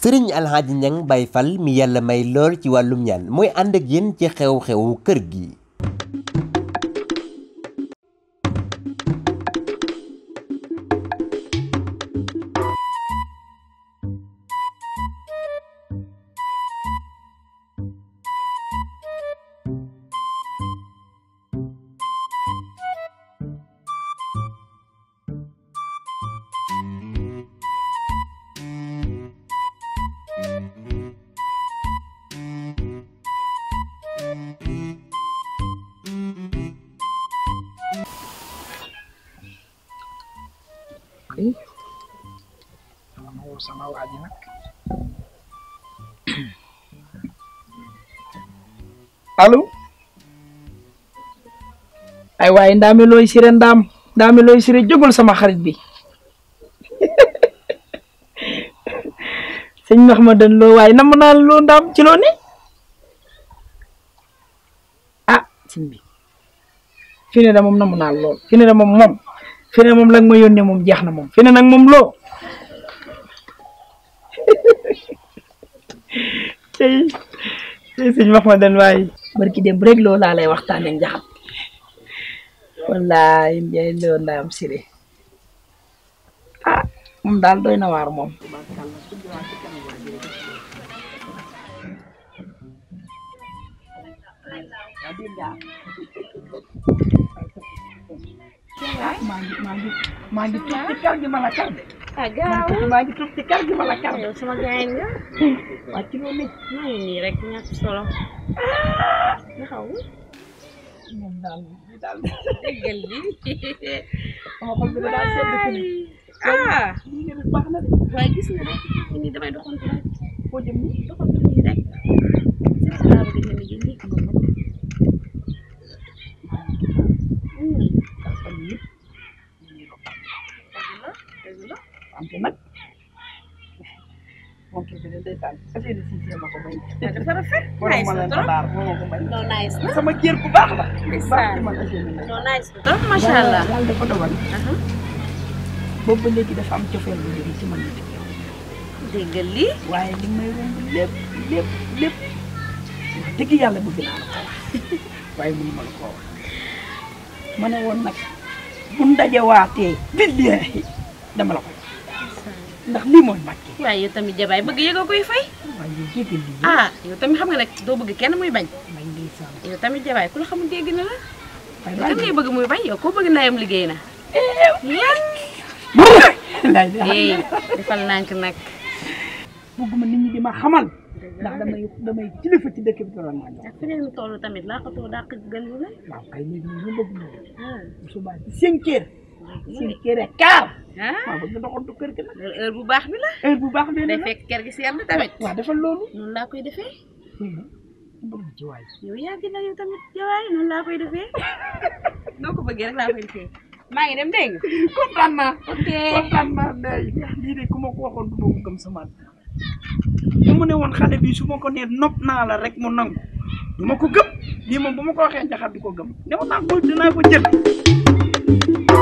sëriñ alxaaji ñang bay fal mi yàlla may lool ci wàllum ñaan mooy ànd ak yéen ci xew-xewu kër gi ginnaaw waa ji nag allo ay waaye ndaame looy sire ndaam ndaame looy sire jógul sama xarit bi sëñ Mahmadan loo waaye nam naa loo ndaam ci ah sëñ bi fi da moom namu naa lool fi da moom moom fi ne moom la ma yónnee moom jeex na moom fi ne nag loo tey tey sëñ wax ma den waaye barki dem rek loolu laa lay waxtaanee njaxam wallaay Ndiaye loolu laa am siré ah moom daal doy na waar moom. ah gaaw maa kar gi wala kar yow sama gaay nga waa ci loolu maa ngi nii rek ñàkk solo nga xaw moom daal daal déggal bi sama xol bi daal sedd ah lii baax na nga rek leen xabaar moo sama kër bu baax la. ndeysaan non nice na. trop macha allah ba uh-huh. léegi dafa am cofeel bu jóge ci man nit yow. dégg waaye li may romb lépp lépp lépp wax dëgg yàlla bu naa la ko ma la ko wax woon nag bu ndajewaatee. billahi dama la ko. ndax lii mooy Mbacke. waaye yow tamit jabaay bëgg yëgoo koy fay. waaye yow jéegal ah yow tamit xam nga nag doo bëgg kenn muy bañ. bañ ndeysaan. yow tamit jabaay ku la xamul dégg na la. waaye lan ngay bëgg muy bañ yow koo bëgg ndayam liggéey na. Eh, lan. eh, eh defal nànk nag. bëgguma nit ñi di ma xamal. ndax damay damay ci dëkk bi doon naa jox. ak feneen toolu tamit laa ko too dàq gën la. waaw kay suñu kër ak kaar. Ah. waaw bëgg nga doxantu kër gi nag. heure bu baax bi la. heure bu baax bi la day fekk kër gi seer na tamit. waaw defal loolu. noonu laa koy defee. bëgg ci waay. yow noo ko bëggee rek laa koy defee. maa ngi dem dégg nga. kontaan naa. ok kontaan naa Ndeye. lii de ku ko waxoon du ma ko gëm sama. bu mu ne woon xale bi su ma ko nee nopp naa la rek mu nangu. du ko gëm lii moom bu ma ko waxee njaxat du ko gëm. ne ma naa ko dinaa ko jël.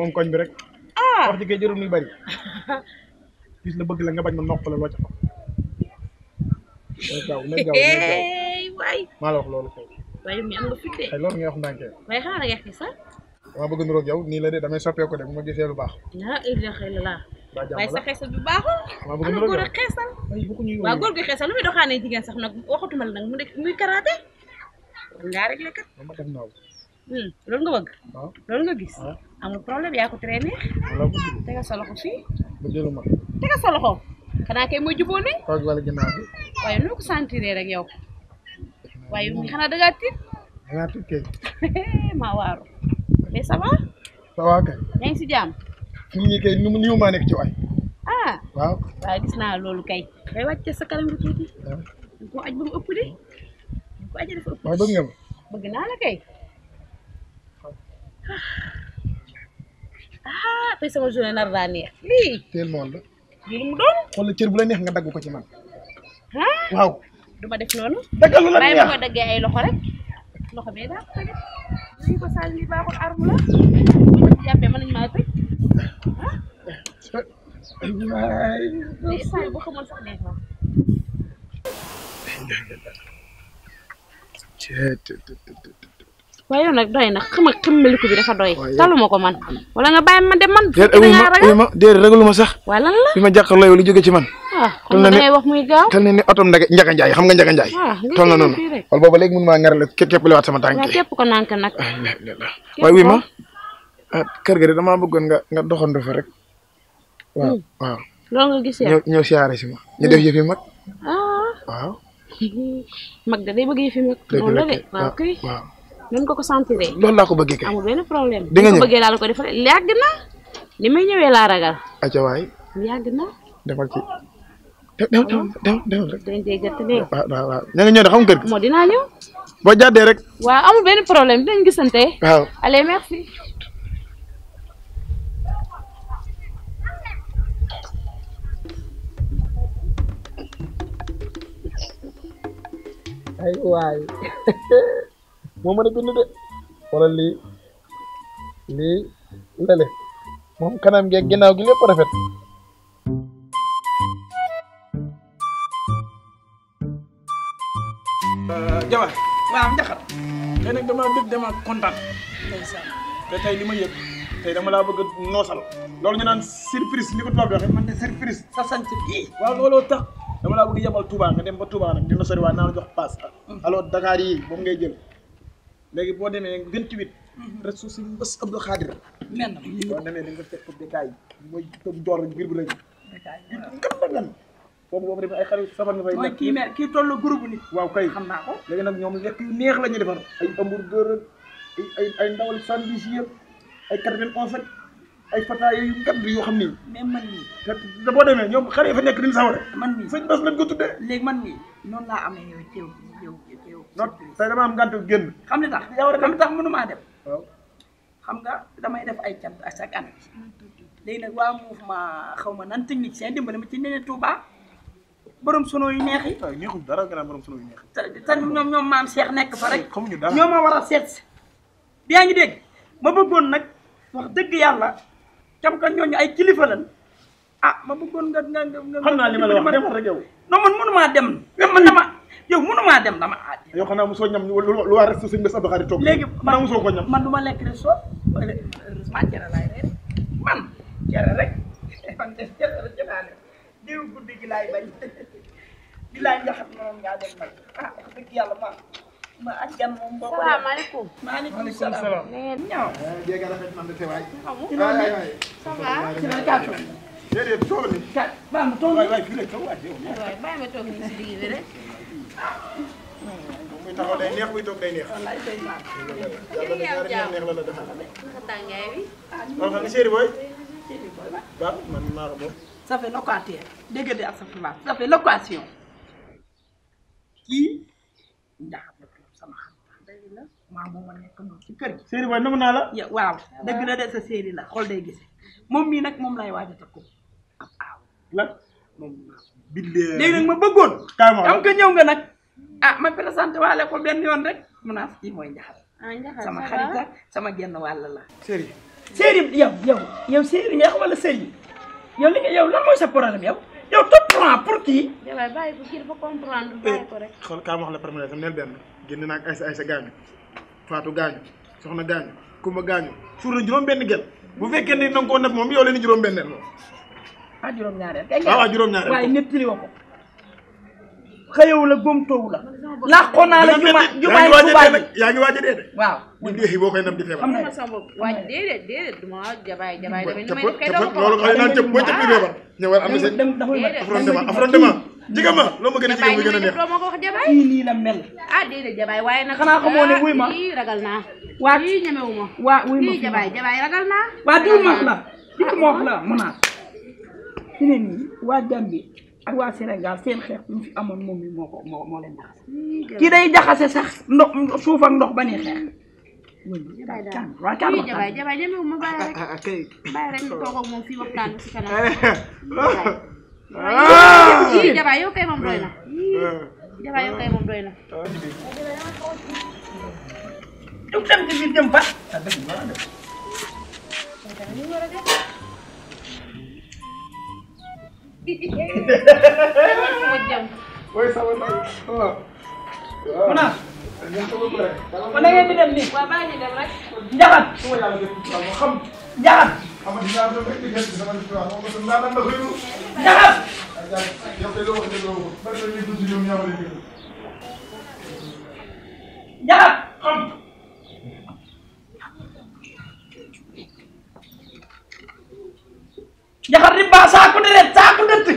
moom koñ bi rek. ah wax jigéen jërëm ñu bari. gis la bëgg la nga bañ ma noppale loo ca xam. maa la wax loolu kay. waaye mi ay wax ndànk waaye xanaa sax. dama bëgg niroog yow nii la soppeeku de bu lu baax. la baaxul. maa bëgg niroog yow xeesal. waaw góor gi xeesal lu muy doxaanee jigéen sax nag waxatuma la nag muy karaate. ngaa réglé kat. loolu nga bëgg. loolu nga gis. amul problème yaa ko traîné. tegal sa loxo fii. ba jëlu ma. tegal sa loxo. xanaa kay mooy jubóo ne. toog wala ginnaaw bi. waaye noo ko sentiree rek yow. waaye xanaa da ngaa tiit. da maa waaru. mais ça va. kay. yaa si jàmm. fi mu kay nu mu nii maa nekk ci waay. ah waaw. gis naa loolu kay. day wàcce sa kanam tuuti. waaw aj ba ëpp de. ko aj dafa ëpp. waaw bëgg naa la kay. ah tey sama journée nar daa neex lii. teel ma woon la. lii mu cër bu la neex nga dagg ko ci man. waaw. du def noonu. daggal loxo rek loxo bee daa ko tëjee. lii ko Saal lii la bu ñu ci jàppee mën nañu sax neex na. waaye yow nag doy na xama xammeliku bi dafa doy taluma ko man wala nga bàyyi ma dem man ma déedéet ragalu sax waaw lan la bi ma jàqar layow li ci man ah, tol na ne wax muy gaaw tol na ne xam ah, tol na noonu wala booba léegi mun maa ngarale képp li waat sama tànk képp ko nànk nag ah, waaye wi ma kër ga de damaa bëggoon nga nga doxandu fa rek waaw hmm. siyaare si ma ñu def yëf yi mag hmm. nan ko sentiree. loolu laa ko bëggee kay amul benn problème. di nga laa la ko defalee yàgg na ni na. defal ci dem dem dem dem rek. dañ xam kër moo dinaa ñëw. boo jàddee rek. waaw amul benn problème dinañ gisante. waaw allez merci. moo mën a bind de wala lii lii lale moom kanam gi ak ginnaaw gi lépp rafet euh, jabar maam njaxat tey nag dama bëgg dama kontaan te tey li ma yëg tey dama a noosal loolu ñu naan surprise li ko tubaab waxee man de surprise sa sant bii waa looloo tax dama laa bëgg yebal Touba nga dem ba Touba nag dina sori waa naa la jox paas mm. alors Dakar yi moom ngay jël léegi boo demee gën ci wit ressource yi mbës Abdou Khadir. mel na boo demee da nga fekk békaay mooy toog joor biir bu lañ. békaay waaw gan foofu boo ko demee ay xarit safar nga fay nekk. mooy kii mer kii toll groupe ni waaw kay xam naa ko. léegi nag ñoom lekk yu neex la ñuy defar. ay hamburger ay ay ay ndawal sandwich yëpp ay quatre-vingt-onze ak ay fataaya yu gàdd yoo xam ni. même man mii. te boo demee ñoom xale yi fa nekk dañu sawar. man mii sëñ Bass lañ ko tuddee. léegi man mii noonu laa amee yow teew yow. not tey dama am génn. xam ne tax yow rek tax mënumaa dem. waaw xam nga damay def ay cant à chaque année. léegi nag waa mouvement xaw ma nan technique seen dimbali ma ci nee Touba borom sono yu neex neexul dara gannaaw borom sono yu neex yi. te ñoom ñoom maam Cheikh nekk fa rek. xamuñu dara ñoo war a seet si. yaa ngi dégg ma bëggoon nag wax dëgg yàlla kam ka ñooñu ay kilifa a ah ma bëggoon nga nga nga. xam naa li ma la wax demal rek yow. non man mënumaa dem. man dama. yow mënumaa dem dama aati. yow xanaa mosoo ñam lu waa resto sëñ Bass Abdou Khadre toog. léegi man mosoo ko ñam man du ma lekk resto euh, man cere laay rek man cere man de cere la ca naa leen déw guddi gi a la gàttal. déedéet tool mi. kat baax ma tool mi. waay waay fii la toog nii si digg rek. muy taxaw day neex muy toog day neex. wallaay day baax. yàlla na ñaari neex neex ko sama xam la maa moom la. waaw dëgg la de sa chéri la xol day gise moom mii nag moom lay waaj a takku ab aaw. biddew léegi nag ma bëggoon. xam nga ñëw nga nag ah ma présenté waale ko benn yoon rek mu naa kii mooy njaxal. ah njaxal sama la sama genn wàll la. Sëri. Sëri yow yow li nga yow lan mooy sa problème kii. waaw bàyyi ko kii dafa comprendre eh, benn génn naa ak Aysa Aysa gaañu Fatou gaañu soxna gaañu Kumba gaañu suur na juróom benn gel bu fekkee ne na nga koo def moom yow leen juróom benn ah juróom-ñaareel. waaw ah, juróom-ñaareel waaye nettali woo ko. xëyewu la góomtoowu la. làqoo naa la juma jumaay Tuubaa ji yaa ngi waaj a de. waaw bu dee boo koy nam di feebar. na sama waaj déedéet déedéet du ma jabaay jabaay damay ni may def kay dama ko loolu xëy naa cëpp boo cëpp di feebar. Ah. a a neex ko wax jabaay kii nii la mel. ah déedéet jabaay xanaa xamoo ne ah, wuy ma kii ragal naa. waa kii ñemewu ma. waa wuy ma kii jabaay jabaay ragal naa. waa diw ma la dikk ma la mën naa fi ne nii waa Gambie ak waa Sénégal seen xeex lu fi amoon moom mi moo ko moo moo leen jaxase. kii day jaxase sax ndox suuf ak ndox ba ñuy xeex. waaw kàmm waaw jabaay jabaay ñemewu ma bàyyi rek bàyyi rek ñu jabaay yow kay moom doy na. mooy sama waaw. mu naan. na ngeen di dem nii. waaw bàyyi ñu dem rek. jaxar ribbaa saako deret saako dëtt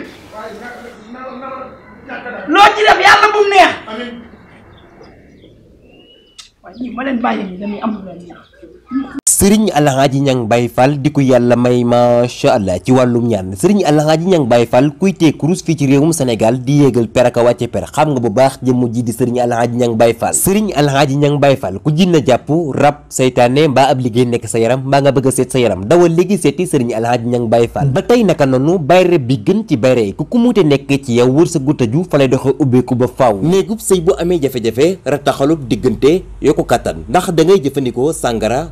loo ci def yàlla bu mu neex ñii ma leen bàyyi nii dañuy am lu leen neex sëriñ alxaaji ñang bay fall di ko yàlla may macha allah ci wàllum ñaan sëriñ alxaaji ñang bay fall kuy tee kurus fii ci réewum sénégal di yéegal per ak wàcce per xam nga bu baax jëmm ji di sëriñ alxaaji ñang bay fall sëriñ alxaaji ñang bay fall ku jinna jàpp rab saytaane mbaa ab liggéey nekk sa yaram mbaa nga bëgg a seet sa yaram dawal léegi seeti sëriñ alxaaji ñang bay fall ba tey naka noonu bayre bi gën ci bayre yi ku ku nekk ci yow wër sa guttaju fa lay doxee ubbeeku ba faaw néegub sëy bu amee jafe-jafe diggante yokku kàttan ndax da ngay jëfandikoo sàngara